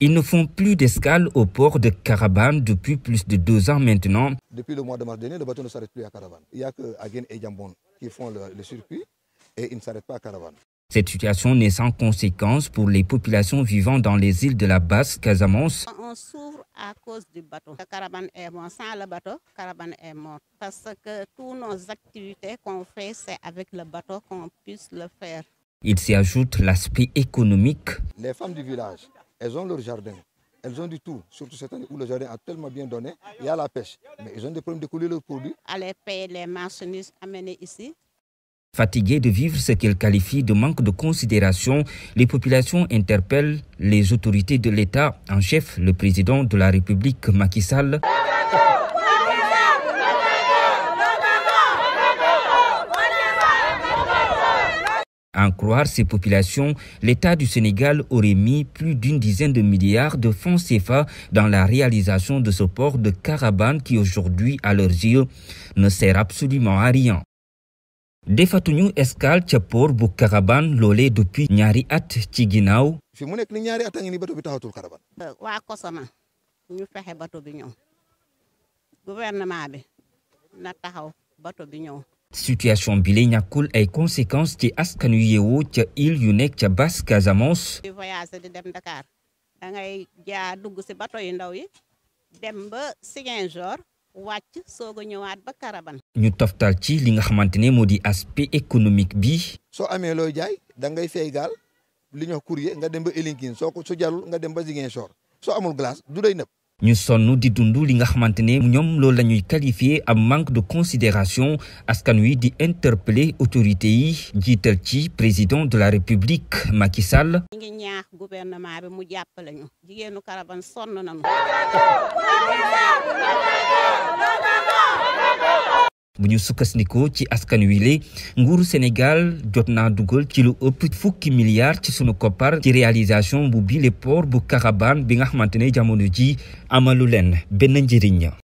Ils ne font plus d'escale au port de Caravane depuis plus de deux ans maintenant. Depuis le mois de mars dernier, le bateau ne s'arrête plus à Caravane. Il n'y a que Agen et Jambon qui font le, le circuit et ils ne s'arrêtent pas à Caravane. Cette situation n'est sans conséquence pour les populations vivant dans les îles de la Basse Casamance. On s'ouvre à cause du bateau. La caravane est morte. Sans le bateau, la caravane est morte. Parce que toutes nos activités qu'on fait, c'est avec le bateau qu'on puisse le faire. Il s'y ajoute l'aspect économique. Les femmes du village elles ont leur jardin. Elles ont du tout, surtout cette année où le jardin a tellement bien donné. Il y a la pêche, mais elles ont des problèmes de couler leurs produits. Allez, payer les marchandises amenées ici. Fatiguées de vivre ce qu'elles qualifient de manque de considération, les populations interpellent les autorités de l'État, en chef le président de la République Macky Sall. en croire ces populations, l'État du Sénégal aurait mis plus d'une dizaine de milliards de fonds CFA dans la réalisation de ce port de caravane qui aujourd'hui, à leurs yeux, ne sert absolument à rien. defatu escale ca port bu Carabane lolé depuis ñaari at ci ginnaaw. fi mu nekk ni ñaari at ngi ni bato bi taxatul Carabane. waa Kosama ñu fexe bato bi ñëw gouvernement bi na taxaw bato bi ñëw situation bi lay ñakkul ay conséquences ci askan wi yeewoo ca île yu nekk ca Basse Casamance. di voyage di dem Dakar da ngay jaa dugg si bato ndaw yi dem ba Ziguinchor wàcc soog a ñëwaat ba Carabane. ñu toftal ci li nga xamante ne moo di aspect économique bi. soo amee looy jaay dangay ngay fay gaal li ñuy wax courrier nga dem ba Elinkine soo ko su jarul nga dem ba Ziguinchor soo amul glace du day nëb. ñu sonn di dund li nga xamante ne ñoom loolu la am manque de considération askan wi di interpeller autorité yi jiital ci président de la république Macky Sall. ñu ngi ñaax gouvernement bi mu japp lañu jigéenu karaban sonna nañu. bu ñu sukkasnikoo ci askan wi lé nguuru Sénégal jot naa dugal ci lu ëpp fukki milliards ci sunu koppar ci réalisation bu bile port bu Carabane bi nga xamante ne jamono ji amalu leen benn njëriñ.